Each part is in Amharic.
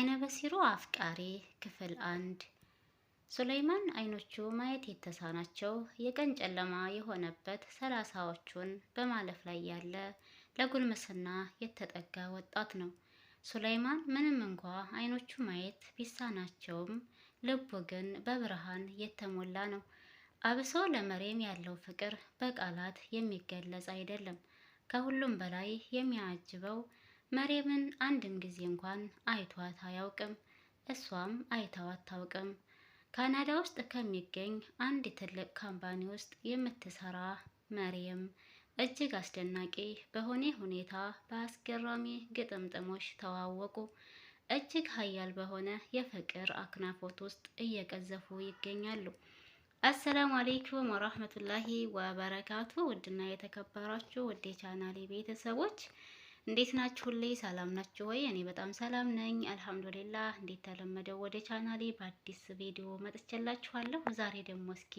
አይነ በሲሮ አፍቃሪ ክፍል አንድ ሱለይማን አይኖቹ ማየት የተሳናቸው የቀን ጨለማ የሆነበት ሰላሳዎቹን በማለፍ ላይ ያለ ለጉልምስና የተጠጋ ወጣት ነው። ሱለይማን ምንም እንኳ አይኖቹ ማየት ቢሳናቸውም ልቡ ግን በብርሃን የተሞላ ነው። አብሶ ለመሬም ያለው ፍቅር በቃላት የሚገለጽ አይደለም። ከሁሉም በላይ የሚያጅበው መሬምን አንድም ጊዜ እንኳን አይቷት አያውቅም። እሷም አይታው አታውቅም። ካናዳ ውስጥ ከሚገኝ አንድ ትልቅ ካምፓኒ ውስጥ የምትሰራ መሬም እጅግ አስደናቂ በሆነ ሁኔታ በአስገራሚ ግጥምጥሞች ተዋወቁ። እጅግ ሀያል በሆነ የፍቅር አክናፎት ውስጥ እየቀዘፉ ይገኛሉ። አሰላሙ አሌይኩም ወራህመቱላሂ ወበረካቱ። ውድና የተከበራችሁ ውድ የቻናሌ ቤተሰቦች እንዴት ናችሁልኝ? ሰላም ናችሁ ወይ? እኔ በጣም ሰላም ነኝ አልሐምዱሊላህ። እንዴት ተለመደው ወደ ቻናሌ በአዲስ ቪዲዮ መጥቼላችኋለሁ። ዛሬ ደግሞ እስኪ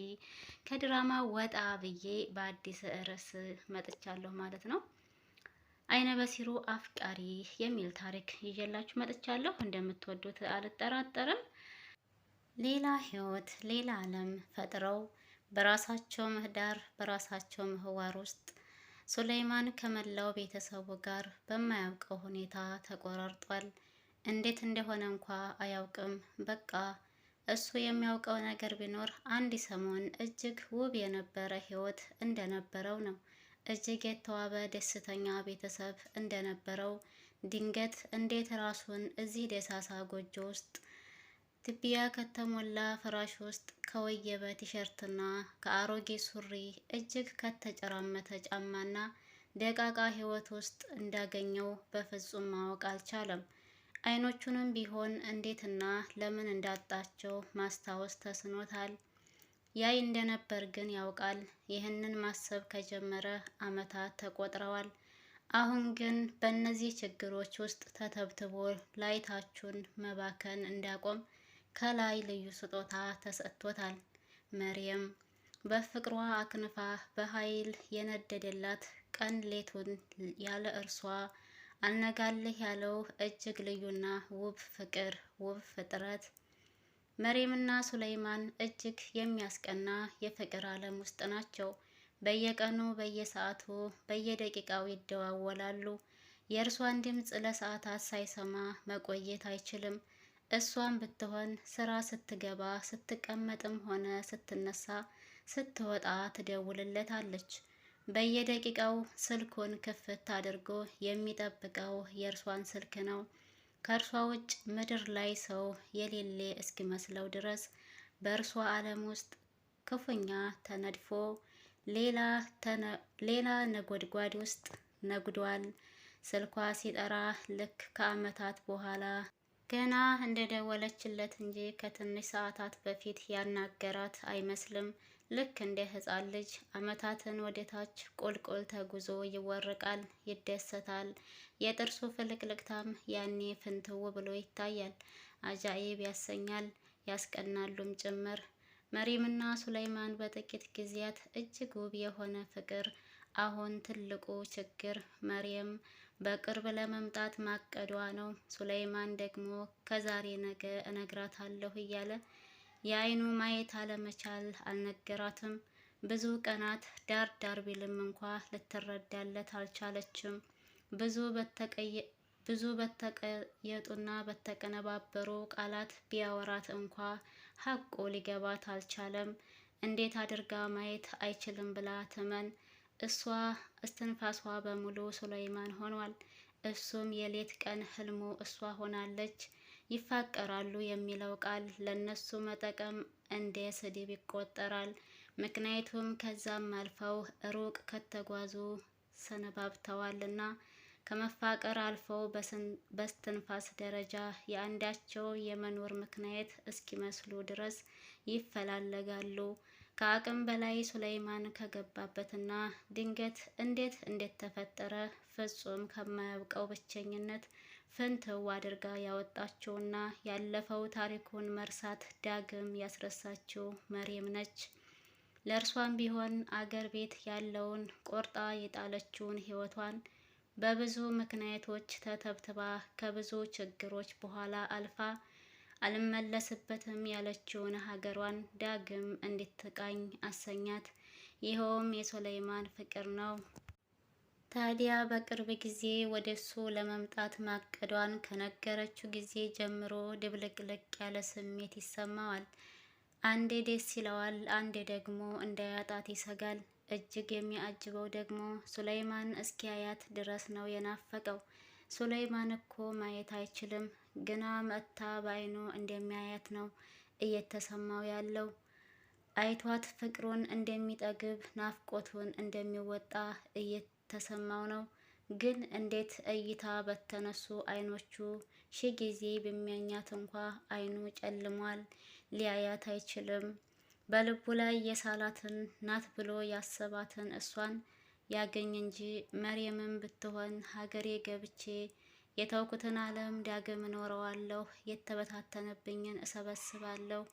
ከድራማ ወጣ ብዬ በአዲስ ርዕስ መጥቻለሁ ማለት ነው። አይነ በሲሩ አፍቃሪ የሚል ታሪክ ይዤላችሁ መጥቻለሁ። እንደምትወዱት አልጠራጠርም። ሌላ ህይወት፣ ሌላ ዓለም ፈጥረው በራሳቸው ምህዳር በራሳቸው ምህዋር ውስጥ ሱለይማን ከመላው ቤተሰቡ ጋር በማያውቀው ሁኔታ ተቆራርጧል። እንዴት እንደሆነ እንኳ አያውቅም። በቃ እሱ የሚያውቀው ነገር ቢኖር አንድ ሰሞን እጅግ ውብ የነበረ ሕይወት እንደነበረው ነው። እጅግ የተዋበ ደስተኛ ቤተሰብ እንደነበረው ድንገት እንዴት ራሱን እዚህ ደሳሳ ጎጆ ውስጥ ትቢያ ከተሞላ ፍራሽ ውስጥ ከወየበ ቲሸርትና ከአሮጌ ሱሪ እጅግ ከተጨራመተ ጫማና ደቃቃ ሕይወት ውስጥ እንዳገኘው በፍጹም ማወቅ አልቻለም። አይኖቹንም ቢሆን እንዴትና ለምን እንዳጣቸው ማስታወስ ተስኖታል። ያይ እንደነበር ግን ያውቃል። ይህንን ማሰብ ከጀመረ ዓመታት ተቆጥረዋል። አሁን ግን በእነዚህ ችግሮች ውስጥ ተተብትቦ ላይታችሁን መባከን እንዳቆም ከላይ ልዩ ስጦታ ተሰጥቶታል። መርየም በፍቅሯ አክንፋ በኃይል የነደደላት ቀን ሌቱን ያለ እርሷ አልነጋልህ ያለው እጅግ ልዩና ውብ ፍቅር ውብ ፍጥረት መርየምና ሱለይማን እጅግ የሚያስቀና የፍቅር ዓለም ውስጥ ናቸው። በየቀኑ በየሰዓቱ በየደቂቃው ይደዋወላሉ። የእርሷን ድምፅ ለሰዓታት ሳይሰማ መቆየት አይችልም። እሷም ብትሆን ስራ ስትገባ ስትቀመጥም ሆነ ስትነሳ ስትወጣ ትደውልለታለች። በየደቂቃው ስልኩን ክፍት አድርጎ የሚጠብቀው የእርሷን ስልክ ነው። ከእርሷ ውጭ ምድር ላይ ሰው የሌለ እስኪመስለው ድረስ በእርሷ ዓለም ውስጥ ክፉኛ ተነድፎ ሌላ ነጎድጓድ ውስጥ ነጉዷል። ስልኳ ሲጠራ ልክ ከዓመታት በኋላ ገና እንደደወለችለት እንጂ ከትንሽ ሰዓታት በፊት ያናገራት አይመስልም። ልክ እንደ ህፃን ልጅ አመታትን ወደታች ቁልቁል ተጉዞ ይወርቃል፣ ይደሰታል። የጥርሱ ፍልቅልቅታም ያኔ ፍንትው ብሎ ይታያል። አጃኢብ ያሰኛል፣ ያስቀናሉም ጭምር። መሪምና ሱላይማን በጥቂት ጊዜያት እጅግ ውብ የሆነ ፍቅር አሁን ትልቁ ችግር መርየም በቅርብ ለመምጣት ማቀዷ ነው። ሱለይማን ደግሞ ከዛሬ ነገ እነግራታለሁ እያለ የአይኑ ማየት አለመቻል አልነገራትም። ብዙ ቀናት ዳር ዳር ቢልም እንኳ ልትረዳለት አልቻለችም። ብዙ በተቀየጡና በተቀነባበሩ ቃላት ቢያወራት እንኳ ሀቁ ሊገባት አልቻለም። እንዴት አድርጋ ማየት አይችልም ብላ ትመን እሷ እስትንፋሷ በሙሉ ሱለይማን ሆኗል። እሱም የሌት ቀን ህልሙ እሷ ሆናለች። ይፋቀራሉ የሚለው ቃል ለነሱ መጠቀም እንደ ስድብ ይቆጠራል። ምክንያቱም ከዛም አልፈው ሩቅ ከተጓዙ ሰነባብተዋልና ከመፋቀር አልፈው በስትንፋስ ደረጃ የአንዳቸው የመኖር ምክንያት እስኪመስሉ ድረስ ይፈላለጋሉ። ከአቅም በላይ ሱለይማን ከገባበትና ድንገት እንዴት እንዴት ተፈጠረ ፍጹም ከማያውቀው ብቸኝነት ፍንትው አድርጋ ያወጣችውና ያለፈው ታሪኩን መርሳት ዳግም ያስረሳችው መሪም ነች። ለእርሷም ቢሆን አገር ቤት ያለውን ቆርጣ የጣለችውን ህይወቷን በብዙ ምክንያቶች ተተብትባ ከብዙ ችግሮች በኋላ አልፋ አልመለስበትም ያለችውን ሀገሯን ዳግም እንድትቃኝ አሰኛት። ይኸውም የሱለይማን ፍቅር ነው። ታዲያ በቅርብ ጊዜ ወደ እሱ ለመምጣት ማቀዷን ከነገረችው ጊዜ ጀምሮ ድብልቅልቅ ያለ ስሜት ይሰማዋል። አንዴ ደስ ይለዋል፣ አንዴ ደግሞ እንዳያጣት ይሰጋል። እጅግ የሚያጅበው ደግሞ ሱለይማን እስኪያያት ድረስ ነው የናፈቀው። ሱለይማን እኮ ማየት አይችልም፣ ግና መታ በአይኑ እንደሚያያት ነው እየተሰማው ያለው። አይቷት ፍቅሩን እንደሚጠግብ ናፍቆቱን እንደሚወጣ እየተሰማው ነው። ግን እንዴት እይታ በተነሱ አይኖቹ ሺ ጊዜ በሚያኛት እንኳ አይኑ ጨልሟል፣ ሊያያት አይችልም። በልቡ ላይ የሳላትን ናት ብሎ ያሰባትን እሷን ያገኝ እንጂ መርየምም ብትሆን ሀገሬ ገብቼ የተውኩትን ዓለም ዳግም እኖረዋለሁ፣ የተበታተነብኝን እሰበስባለሁ፣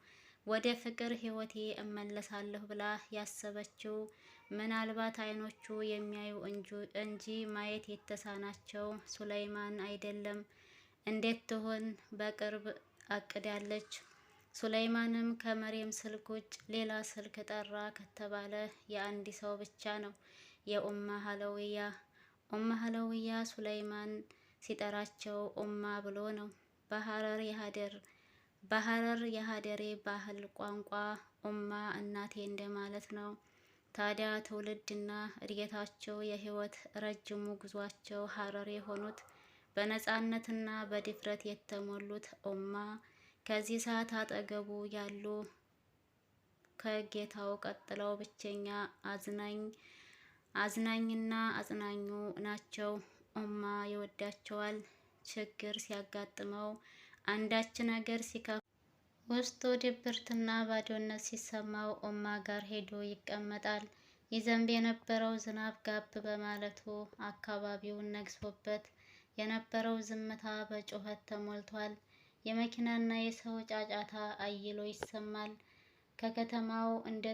ወደ ፍቅር ሕይወቴ እመለሳለሁ ብላ ያሰበችው ምናልባት አይኖቹ የሚያዩ እንጂ ማየት የተሳናቸው ሱለይማን አይደለም። እንዴት ትሆን በቅርብ አቅዳለች። ሱለይማንም ከመሪም ስልክ ውጭ ሌላ ስልክ ጠራ ከተባለ የአንድ ሰው ብቻ ነው። የኡማ ሀለውያ ኡማ ሀለውያ ሱለይማን ሲጠራቸው ኡማ ብሎ ነው። በሐረር የሀደር በሀረር የሀደሬ ባህል ቋንቋ ኡማ እናቴ እንደማለት ነው። ታዲያ ትውልድና እድገታቸው የህይወት ረጅሙ ጉዟቸው ሀረር የሆኑት በነጻነትና በድፍረት የተሞሉት ኡማ ከዚህ ሰዓት አጠገቡ ያሉ ከጌታው ቀጥለው ብቸኛ አዝናኝ አዝናኝና አጽናኙ ናቸው። ኡማ ይወዳቸዋል። ችግር ሲያጋጥመው አንዳች ነገር ሲካ ውስጡ ድብርትና ባዶነት ሲሰማው ኡማ ጋር ሄዶ ይቀመጣል። ይዘንብ የነበረው ዝናብ ጋብ በማለቱ አካባቢውን ነግሶበት የነበረው ዝምታ በጩኸት ተሞልቷል። የመኪናና የሰው ጫጫታ አይሎ ይሰማል። ከከተማው እንደ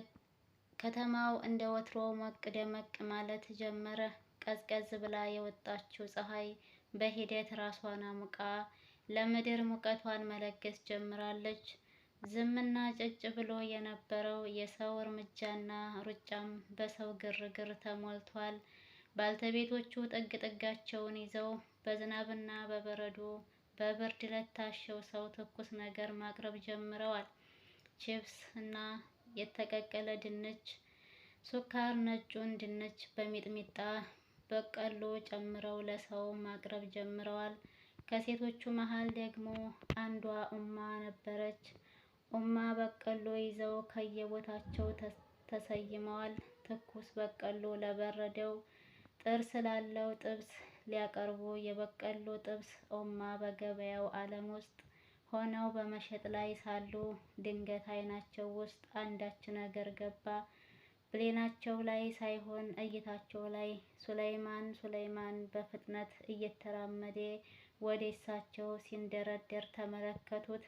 ከተማው እንደ ወትሮ ሞቅ ደመቅ ማለት ጀመረ። ቀዝቀዝ ብላ የወጣችው ፀሐይ በሂደት ራሷን አሙቃ ለምድር ሙቀቷን መለገስ ጀምራለች። ዝምና ጭጭ ብሎ የነበረው የሰው እርምጃና ሩጫም በሰው ግርግር ተሞልቷል። ባልተቤቶቹ ጥግ ጥጋቸውን ይዘው በዝናብና በበረዶ በብርድ ለታሸው ሰው ትኩስ ነገር ማቅረብ ጀምረዋል። ቺፕስ እና የተቀቀለ ድንች፣ ሱካር፣ ነጩን ድንች በሚጥሚጣ በቀሎ ጨምረው ለሰው ማቅረብ ጀምረዋል። ከሴቶቹ መሀል ደግሞ አንዷ ኡማ ነበረች። ኡማ በቀሎ ይዘው ከየቦታቸው ተሰይመዋል። ትኩስ በቀሎ ለበረደው ጥርስ ላለው ጥብስ ሊያቀርቡ የበቀሎ ጥብስ ኡማ በገበያው ዓለም ውስጥ ሆነው በመሸጥ ላይ ሳሉ ድንገት አይናቸው ውስጥ አንዳች ነገር ገባ። ብሌናቸው ላይ ሳይሆን እይታቸው ላይ ሱለይማን ሱለይማን በፍጥነት እየተራመደ ወደ እሳቸው ሲንደረደር ተመለከቱት።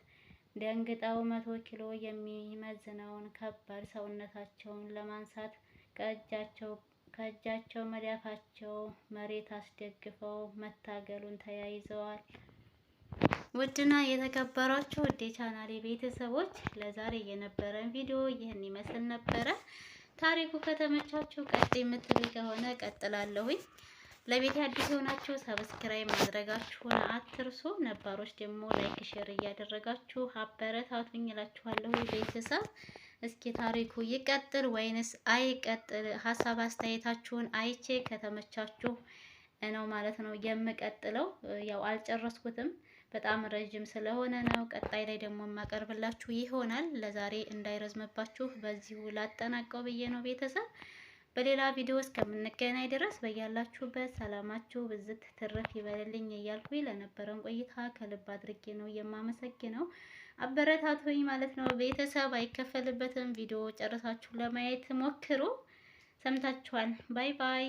ደንግጠው መቶ ኪሎ የሚመዝነውን ከባድ ሰውነታቸውን ለማንሳት ከእጃቸው ከእጃቸው መዳፋቸው መሬት አስደግፈው መታገሉን ተያይዘዋል። ውድና የተከበራችሁ ውዴ ቻናሌ ቤተሰቦች ለዛሬ የነበረን ቪዲዮ ይህን ይመስል ነበረ። ታሪኩ ከተመቻችሁ ቀጥ የምትሉ ከሆነ ቀጥላለሁኝ። ለቤት አዲስ የሆናችሁ ሰብስክራይብ ማድረጋችሁን አትርሱ። ነባሮች ደግሞ ላይክ፣ ሼር እያደረጋችሁ አበረታቱኝ እላችኋለሁ። ቤተሰብ እስኪ ታሪኩ ይቀጥል ወይንስ አይቀጥል? ሀሳብ አስተያየታችሁን አይቼ ከተመቻችሁ ነው ማለት ነው የምቀጥለው። ያው አልጨረስኩትም። በጣም ረጅም ስለሆነ ነው። ቀጣይ ላይ ደግሞ የማቀርብላችሁ ይሆናል። ለዛሬ እንዳይረዝምባችሁ በዚሁ ላጠናቀው ብዬ ነው ቤተሰብ። በሌላ ቪዲዮ እስከምንገናኝ ድረስ በያላችሁበት ሰላማችሁ ብዝት ትርፍ ይበልልኝ እያልኩኝ ለነበረን ቆይታ ከልብ አድርጌ ነው የማመሰግነው። አበረታቶኝ ማለት ነው ቤተሰብ አይከፈልበትም። ቪዲዮ ጨርሳችሁ ለማየት ሞክሩ። ሰምታችኋል። ባይ ባይ።